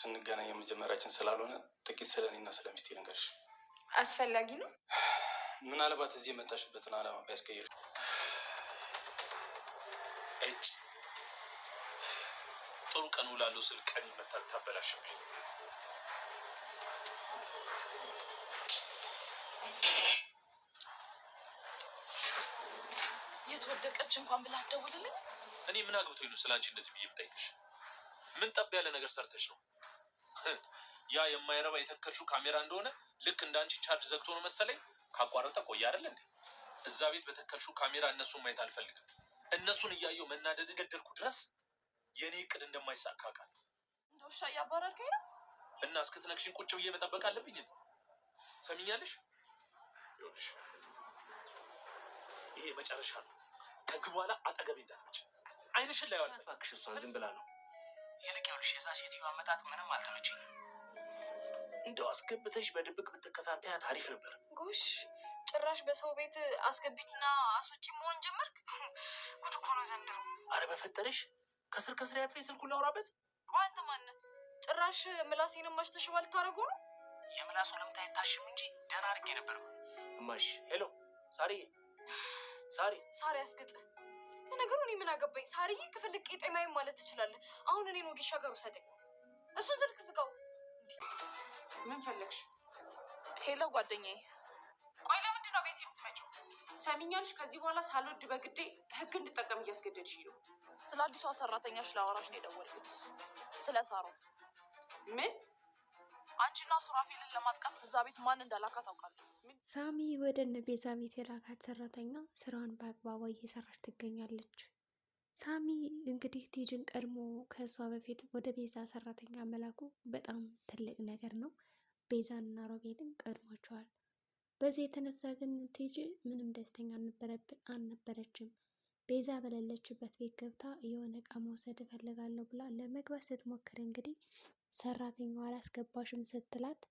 ስንገናኝ የመጀመሪያችን ስላልሆነ ጥቂት ስለ እኔና ስለ ሚስቴ ልንገርሽ። አስፈላጊ ነው። ምናልባት እዚህ የመጣሽበትን ዓላማ ቢያስቀይር እጅ ጥሩ ቀን ውላለሁ ስል ቀን ይመታል። ታበላሽ የተወደቀች እንኳን ብላ አትደውልልኝ። እኔ ምን አግብቶኝ ነው ስለ አንቺ እንደዚህ ብዬ ብጠይቅሽ? ምን ጠብ ያለ ነገር ሰርተሽ ነው ያ የማይረባ የተከልሹ ካሜራ እንደሆነ ልክ እንዳንቺ ቻርጅ ዘግቶ ነው መሰለኝ ካቋረጠ ቆየ አይደል እንዴ? እዛ ቤት በተከልሹ ካሜራ እነሱን ማየት አልፈልግም። እነሱን እያየው መናደድ ገደልኩ ድረስ የእኔ እቅድ እንደማይሳካ ቃል እንደ ውሻ እያባረርከኝ ነው እና እስክትነግሽኝ ቁጭ ብዬ መጠበቅ አለብኝ። ሰሚኛለሽ? ይኸውልሽ ይሄ መጨረሻ ነው። ከዚህ በኋላ አጠገቤ እንዳትመጭ አይንሽን ላይ እባክሽ። እሷን ዝም ብላ ነው ይልቅ ይኸውልሽ የዛ ሴትዮ አመጣጥ ምንም አልተመቸኝም። እንደው አስገብተሽ በድብቅ ብትከታተያት አሪፍ ነበር። ጎሽ ጭራሽ በሰው ቤት አስገቢና አሶጪ መሆን ጀመርክ። ጉድ እኮ ነው ዘንድሮ። አረ በፈጠረሽ ከስር ከስር ያት ቤት ስልኩን ላውራበት። ቆይ አንተ ማነህ? ጭራሽ ምላሴንም ማሽተሽባ ልታደርጉ ነው? የምላሱ ለምታ አይታሽም እንጂ ደህና አድርጌ ነበር። ማሽ ሄሎ፣ ሳሪ፣ ሳሪ፣ ሳሪ አስገጥ ነገሩ እኔ ምን አገባኝ? ሳርዬ ክፍልቅ ቄጠማዬ ማለት ትችላለህ። አሁን እኔን ወጌሻ ጋር ሰጠኝ። እሱን ስልክ ዝጋው። ምን ፈለግሽ? ሄሎ ጓደኛዬ፣ ቆይ ለምንድን ነው ቤት የምትመጪው? ሰሚኛልሽ? ከዚህ በኋላ ሳልወድ በግዴ ህግ እንድጠቀም እያስገደድሽ ነው። ስለ አዲሷ ሰራተኛሽ ለአወራሽ ነው የደወልኩት፣ ስለ ሳሮ ምን አንቺና ሱራፌልን ለማጥቃት እዛ ቤት ማን እንዳላካ ታውቃለህ? ሳሚ ወደ እነ ቤዛ ቤት የላካት ሰራተኛ ስራዋን በአግባቧ እየሰራች ትገኛለች። ሳሚ እንግዲህ ቲጅን ቀድሞ ከእሷ በፊት ወደ ቤዛ ሰራተኛ መላኩ በጣም ትልቅ ነገር ነው። እና ሮቤልን ቀድሟቸዋል። በዚህ የተነሳ ግን ቲጅ ምንም ደስተኛ አልነበረችም። ቤዛ በሌለችበት ቤት ገብታ የሆነ እቃ መውሰድ እፈልጋለሁ ብላ ለመግባት ስትሞክር እንግዲህ ሰራተኛዋ አላስገባሽም ስትላት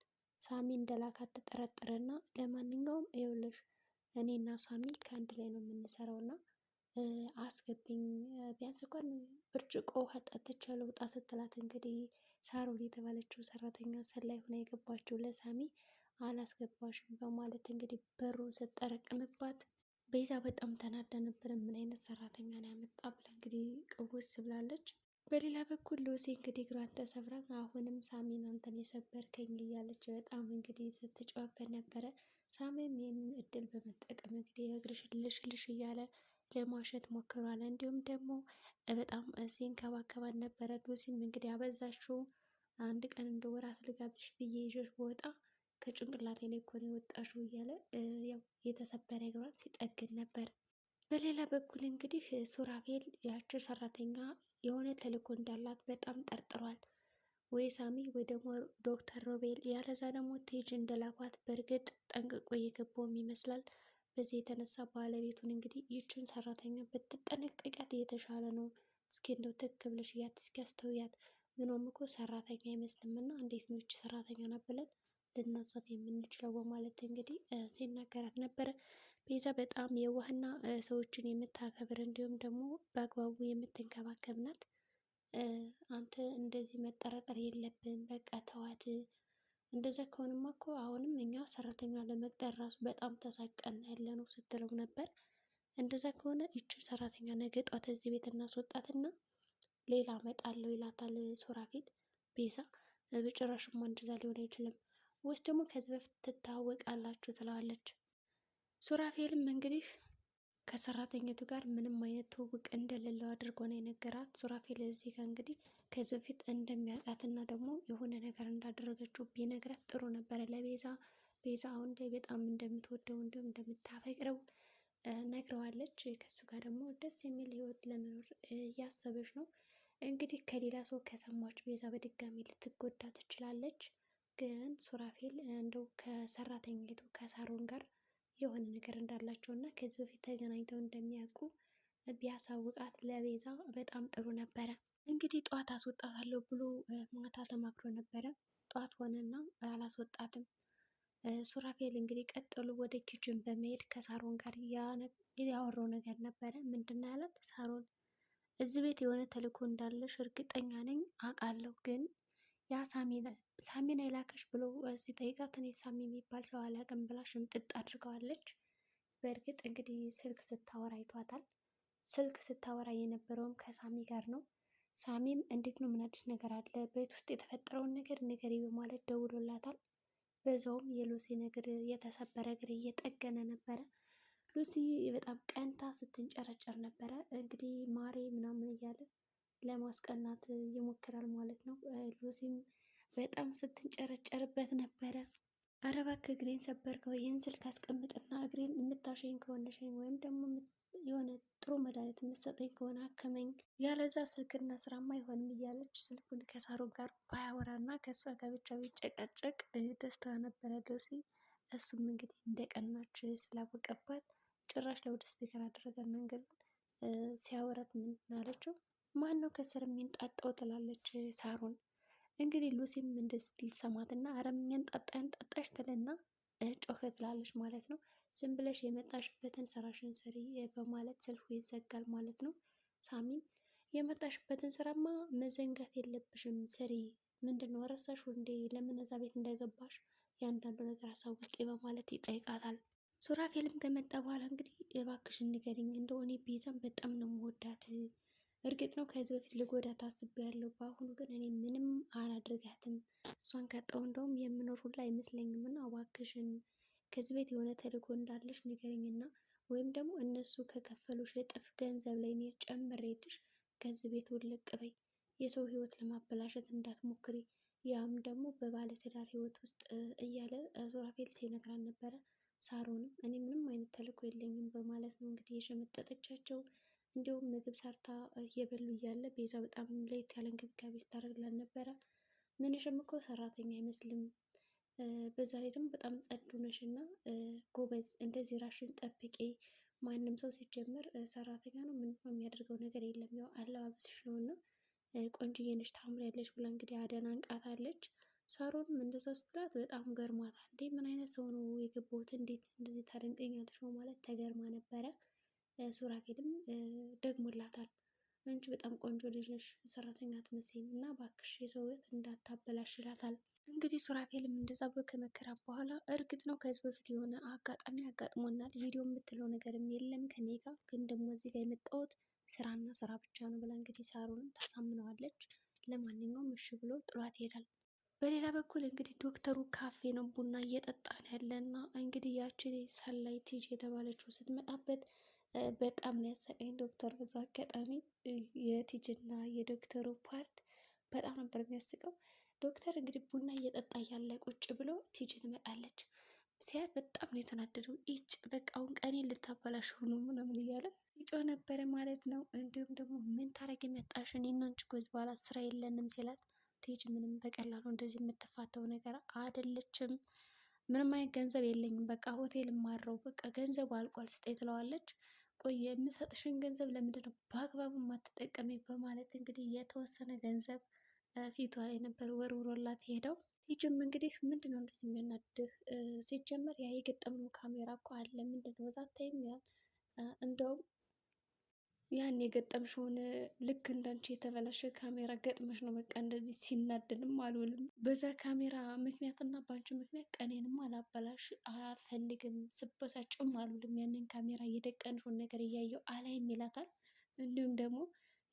ሳሚ እንደላካት ተጠረጠረና ለማንኛውም ይኸውልሽ እኔ እና ሳሚ ከአንድ ላይ ነው የምንሰራው እና አስገብኝ ቢያንስ እንኳን ብርጭቆ ውሃ ጠጥቼ ልውጣ ስትላት እንግዲህ ሳሮን የተባለችው ሰራተኛ ሰላይ ሆና የገባችው ለሳሚ አላስገባሽም በማለት እንግዲህ በሩን ስጠረቅምባት ቤዛ በጣም ተናዳ ነበር። ምን አይነት ሰራተኛ ነው ያመጣ ብላ እንግዲህ ቅውስ ብላለች። በሌላ በኩል ሉሲ እንግዲህ እግሯን ተሰብራ አሁንም ሳሚን አንተን የሰበርከኝ እያለች በጣም እንግዲህ ስትጫወበት ነበረ። ሳሚም ይህንን እድል በመጠቀም እንግዲህ የእግርሽን ልሽልሽ እያለ ለማሸት ሞክሯል። እንዲሁም ደግሞ በጣም ሲንከባከባን ነበረ። ሉሲም እንግዲህ አበዛችው። አንድ ቀን እንደ ወራት ልጋብዝሽ ብዬ ይዤሽ በወጣ ከጭንቅላቴ ላይ እኮ ነው የወጣሽው እያለ ያው የተሰበረ እግሯን ሲጠግን ነበር። በሌላ በኩል እንግዲህ ሱራፌል ያቺ ሰራተኛ የሆነ ተልእኮ እንዳላት በጣም ጠርጥሯል። ወይ ሳሚ ወይ ደግሞ ዶክተር ሮቤል ያለዛ ደግሞ ቴጅ እንደላኳት በእርግጥ ጠንቅቆ እየገባውም ይመስላል። በዚህ የተነሳ ባለቤቱን እንግዲህ ይችን ሰራተኛ ብትጠነቀቂያት እየተሻለ ነው። እስኪ እንደው ትክ ብለሽ እያት እስኪ አስተውያት። ምንም እኮ ሰራተኛ አይመስልም እና እንዴት ነው ይች ሰራተኛ ናት ብለን ልናሳት የምንችለው በማለት እንግዲህ ሲናገራት ነበረ። ቤዛ በጣም የዋህና ሰዎችን የምታከብር እንዲሁም ደግሞ በአግባቡ የምትንከባከብ ናት። አንተ እንደዚህ መጠራጠር የለብን፣ በቃ ተዋት። እንደዛ ከሆንማ እኮ አሁንም እኛ ሰራተኛ ለመቅጠር ራሱ በጣም ተሳቀን ያለ ነው ስትለው ነበር። እንደዛ ከሆነ እቺ ሰራተኛ ነገ ጧት እዚህ ቤት እናስወጣትና ሌላ መጣለው ይላታል ሱራፌል። ቤዛ በጭራሽማ እንደዛ ሊሆን አይችልም ወይስ ደግሞ ከዚህ በፊት ትታወቃላችሁ ትለዋለች። ሱራፌልም እንግዲህ ከሰራተኛቱ ጋር ምንም አይነት ትውውቅ እንደሌለው አድርጎ ነው የነገራት። ሱራፌል እዚህ ጋር እንግዲህ ከዚህ በፊት እንደሚያውቃት እና ደግሞ የሆነ ነገር እንዳደረገችው ቢነግራት ጥሩ ነበረ ለቤዛ። ቤዛ አሁን ላይ በጣም እንደምትወደው እንዲሁም እንደምታፈቅረው ነግረዋለች። ከሱ ጋር ደግሞ ደስ የሚል ህይወት ለመኖር እያሰበች ነው። እንግዲህ ከሌላ ሰው ከሰማች ቤዛ በድጋሚ ልትጎዳ ትችላለች። ግን ሱራፌል እንደው ከሰራተኛቱ ከሳሮን ጋር የሆነ ነገር እንዳላቸው እና ከዚህ በፊት ተገናኝተው እንደሚያውቁ ቢያሳውቃት ለቤዛ በጣም ጥሩ ነበረ። እንግዲህ ጠዋት አስወጣታለሁ ብሎ ማታ ተማክሮ ነበረ። ጠዋት ሆነና አላስወጣትም። ሱራፌል እንግዲህ ቀጥሎ ወደ ኪችን በመሄድ ከሳሮን ጋር ያወራው ነገር ነበረ። ምንድን ያላት ሳሮን እዚህ ቤት የሆነ ተልእኮ እንዳለሽ እርግጠኛ ነኝ አውቃለሁ፣ ግን ያ ሳሚ ሳሚን አይላከሽ ብሎ ሲጠይቃት እኔ ሳሚ የሚባል ሰው አላቅም ብላ ሽምጥጥ አድርገዋለች። በእርግጥ እንግዲህ ስልክ ስታወራ አይቷታል። ስልክ ስታወራ የነበረውም ከሳሚ ጋር ነው። ሳሚም እንዴት ነው ምን አዲስ ነገር አለ? ቤት ውስጥ የተፈጠረውን ነገር ንገሪ በማለት ደውሎላታል። በዛውም የሉሲን እግር የተሰበረ እግር እየጠገነ ነበረ። ሉሲ በጣም ቀንታ ስትንጨረጨር ነበረ። እንግዲህ ማሬ ምናምን እያለ ለማስቀናት ይሞክራል ማለት ነው። ሉሲም በጣም ስትንጨረጨርበት ነበረ። ኧረ እባክህ እግሬን ሰበርከው፣ ይህን ስልክ አስቀምጥና እግሬን የምታሸኝ ከሆነ ወይም ደግሞ የሆነ ጥሩ መድኃኒት የምትሰጠኝ ከሆነ አክመኝ፣ ያለዛ ስልክና ስራማ አይሆንም እያለች ስልኩን ከሳሩ ጋር ባያወራና ከእሷ ጋር ብቻ ቢጨቃጨቅ ደስታ ነበረ ዶሲ። እሱም እንግዲህ እንደቀናች ስላወቀባት ጭራሽ ለውድ ስፒከር አደረገ መንገዱን። ሲያወራት ምን አለችው? ማን ነው ከስር የሚንጣጠው ትላለች ሳሩን እንግዲህ ሉሲም እንደዚህ ስትል ሰማትና አረምኛን ጣጣን ጣጣሽ ትልና ጮኸ ትላለች ማለት ነው። ዝም ብለሽ የመጣሽበትን ስራሽን ስሪ በማለት ስልኩ ይዘጋል ማለት ነው። ሳሚም የመጣሽበትን ስራማ መዘንጋት የለብሽም ስሪ፣ ምንድን ነው ረሳሽ እንዴ? ለምን እዛ ቤት እንደገባሽ ያንዳንዱ ነገር አሳውቂ በማለት ይጠይቃታል። ሱራፌልም ከመጣ በኋላ እንግዲህ እባክሽን ንገሪኝ እንደሆነ ቤዛን በጣም ነው የምወዳት እርግጥ ነው ከዚህ በፊት ልጎዳት ያለው፣ በአሁኑ ግን እኔ ምንም አላደርጋትም። እሷን ከጠው እንደውም የምኖር ሁላ አይመስለኝም። እና እባክሽን ከዚህ ቤት የሆነ ተልእኮ እንዳለሽ ንገሪኝና ወይም ደግሞ እነሱ ከከፈሉሽ እጥፍ ገንዘብ ላይ እኔ ጨምሬልሽ ከዚህ ቤት ውልቅ በይ። የሰው ህይወት ለማበላሸት እንዳትሞክሪ። ያም ደግሞ በባለ ትዳር ውስጥ እያለ ሱራፌል ሲነግራን ነበረ። ሳሮንም እኔ ምንም አይነት ተልእኮ የለኝም በማለት ነው እንግዲህ የሸመጠጠቻቸው። እንዲሁም ምግብ ሰርታ እየበሉ እያለ ቤዛ በጣም ለየት ያለ እንክብካቤ ስታደርግላት ነበረ። ምንሽም እኮ ሰራተኛ አይመስልም፣ በዛ ላይ ደግሞ በጣም ጸዱ ነሽ እና ጎበዝ፣ እንደዚህ ራሽን ጠብቂ። ማንም ሰው ሲጀምር ሰራተኛ ነው ምንም የሚያደርገው ነገር የለም፣ ያው አለባበስሽ ነው እና ቆንጅዬ ነሽ ያለች ብላ እንግዲህ አደናንቃታለች። ሳሮንም እንደዛ ስትላት በጣም ገርማታል። እንዴ ምን አይነት ሰው ነው የገባሁት? እንዴት እንደዚህ ታደንቀኛለች? ማለት ተገርማ ነበረ። ሱራፌልም ደግሞላታል። አንቺ በጣም ቆንጆ ልጅ ነሽ፣ ሰራተኛ አትመስይም እና ባክሽ የሰው ሕይወት እንዳታበላሽ እንግዲህ ሱራፌልም እንደዛ ብሎ ከመከራ በኋላ እርግጥ ነው ከዚህ በፊት የሆነ አጋጣሚ አጋጥሞናል፣ ቪዲዮ የምትለው ነገርም የለም ከኔ ጋር ግን ደግሞ እዚህ ጋር የመጣሁት ስራና ስራ ብቻ ነው ብላ እንግዲህ ሳሮንም ታሳምነዋለች። ለማንኛውም እሺ ብሎ ጥሏት ይሄዳል። በሌላ በኩል እንግዲህ ዶክተሩ ካፌ ነው ቡና እየጠጣን ያለ እና እንግዲህ ያቺ ሰላይ ቲጅ የተባለችው ስትመጣበት በጣም ነው ያሳቀኝ ዶክተር። በዛ አጋጣሚ የቲጅና የዶክተሩ ፓርት በጣም ነበር የሚያስቀው። ዶክተር እንግዲህ ቡና እየጠጣ ያለ ቁጭ ብሎ ቲጅ ትመጣለች። ሲያት በጣም ነው የተናደደው። ይጭ በቃ አሁን ቀኔን ልታበላሽ ሆኖ ምናምን እያለ ይጮ ነበረ ማለት ነው። እንዲሁም ደግሞ ምን ታረግ የመጣሽ እኔ እና አንቺ ጎዝ በኋላ ስራ የለንም ሲላት፣ ቲጅ ምንም በቀላሉ እንደዚህ የምትፋተው ነገር አይደለችም። ምንም አይነት ገንዘብ የለኝም፣ በቃ ሆቴል ማረው፣ በቃ ገንዘቡ አልቋል ስጠኝ ትለዋለች። ቆይ የምሰጥሽን ገንዘብ ለምንድን ነው በአግባቡ የማትጠቀሚ? በማለት እንግዲህ የተወሰነ ገንዘብ ፊቷ ላይ ነበር ወርውሮላት ሄደው። ይችም እንግዲህ ምንድን ነው እንደዚህ የሚያናድህ? ሲጀመር ያ የገጠመው ካሜራ እኮ አለ ምንድን ነው በዛ አታይም? ያው እንደውም ያን የገጠምሽውን ልክ እንዳንቺ የተበላሸ ካሜራ ገጥመሽ ነው በቃ እንደዚህ ሲናደድም አልውልም። በዛ ካሜራ ምክንያትና በአንቺ ምክንያት ቀኔንም አላበላሽ አልፈልግም፣ ስበሳጭም አልውልም። ያንን ካሜራ እየደቀንሽውን ነገር እያየው አላይም ይላታል። እንዲሁም ደግሞ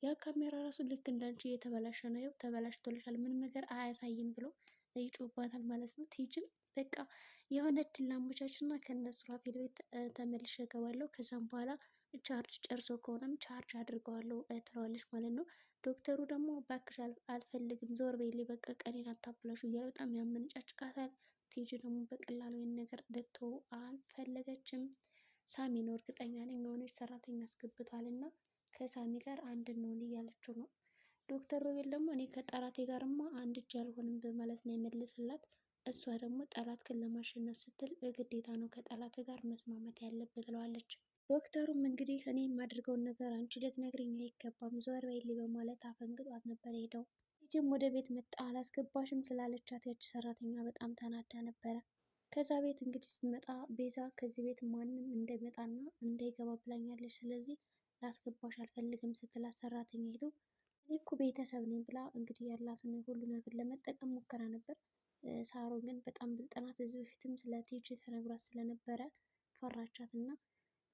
ያ ካሜራ ራሱ ልክ እንዳንቺ የተበላሸ ነው፣ ይኸው ተበላሽቶልሻል፣ ምንም ነገር አያሳይም ብሎ ይጮባታል ማለት ነው። ቲጅም በቃ የሆነ እድል አመቻችና ከእነ ሱራፌል ቤት ተመልሼ እገባለሁ ከዛም በኋላ ቻርጅ ጨርሶ ከሆነም ቻርጅ አድርገዋለሁ ትለዋለች ማለት ነው። ዶክተሩ ደግሞ ባክሽ አልፈልግም፣ ዞር በይልኝ፣ በቃ ቀኔን አታበላሹ እያለ በጣም ያመነጫጭቃታል። ቲጂ ደግሞ በቀላሉ ይህን ነገር ልትተው አልፈለገችም። ሳሚ ነው እርግጠኛ ነኝ የሆነች ሰራተኛ አስገብቷል እና ከሳሚ ጋር አንድ እንሆን እያለችው ነው። ዶክተር ሮቤል ደግሞ እኔ ከጠላቴ ጋርማ አንድ እጅ አልሆንም በማለት ነው የመለስላት። እሷ ደግሞ ጠላት ክን ለማሸነፍ ስትል ግዴታ ነው ከጠላት ጋር መስማማት ያለብህ ትለዋለች። ዶክተሩም እንግዲህ እኔ የማደርገውን ነገር አንቺ ልትነግሪኝ አይገባም፣ ዞር በይልኝ በማለት አፈንግጧት ነበር ሄደው። ልጅም ወደ ቤት መጣ። አላስገባሽም ስላለቻት ያቺ ሰራተኛ በጣም ተናዳ ነበረ። ከዛ ቤት እንግዲህ ስትመጣ ቤዛ ከዚህ ቤት ማንም እንዳይመጣና እንዳይገባ ብላኛለች፣ ስለዚህ ላስገባሽ አልፈልግም ስትላት ሰራተኛ ሄደው እኔ እኮ ቤተሰብ ነኝ ብላ እንግዲህ ያላትን ሁሉ ነገር ለመጠቀም ሞከራ ነበር። ሳሮን ግን በጣም ብልጥናት፣ እዚህ በፊትም ስለ ቲጂ ተነግሯት ስለነበረ ፈራቻት እና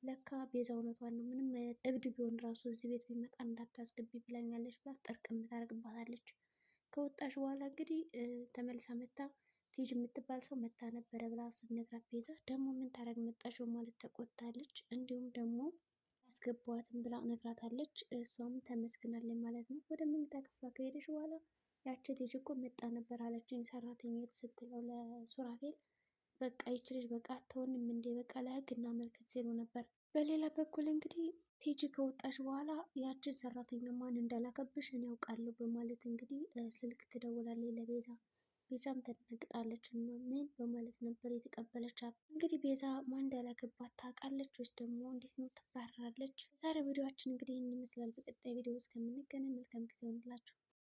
ለካ ቤዛ እውነቷን ነው። ምንም አይነት እብድ ቢሆን ራሱ እዚህ ቤት ቢመጣ እንዳታስገቢ ብላኛለች ብላ ጥርቅም ታደርግባታለች። ከወጣሽ በኋላ እንግዲህ ተመልሳ መታ ቲጅ የምትባል ሰው መታ ነበረ ብላ ስትነግራት ቤዛ ደግሞ ምን ታደርግ መጣች በማለት ተቆጥታለች። እንዲሁም ደግሞ አስገባዋትን ብላ ነግራታለች። እሷም ተመስግናለች ማለት ነው። ወደ መኝታ ክፍሏ ከሄደች በኋላ ያቺ ቲጅ እኮ መጣ ነበር አለችኝ ሰራተኛ ስትለው ለሱራፌል በቃ ይች ልጅ በቃ አትሆንም እንዴ በቃ ለህግ እናመልከት ሲሉ ነበር። በሌላ በኩል እንግዲህ ቲጂ ከወጣች በኋላ ያችን ሰራተኛ ማን እንዳላከብሽ እኔ ያውቃለሁ በማለት እንግዲህ ስልክ ትደውላለች ለቤዛ። ቤዛም ተደነግጣለች እና ምን በማለት ነበር የተቀበለቻት። እንግዲህ ቤዛ ማን እንዳላገባት ታውቃለች ወይስ ደግሞ እንዴት ነው ትባረራለች? ዛሬ ቪዲዮችን እንግዲህ ይህን ይመስላል። በቀጣይ ቪዲዮ እስከምንገናኝ መልካም ጊዜ ይሆንላችሁ።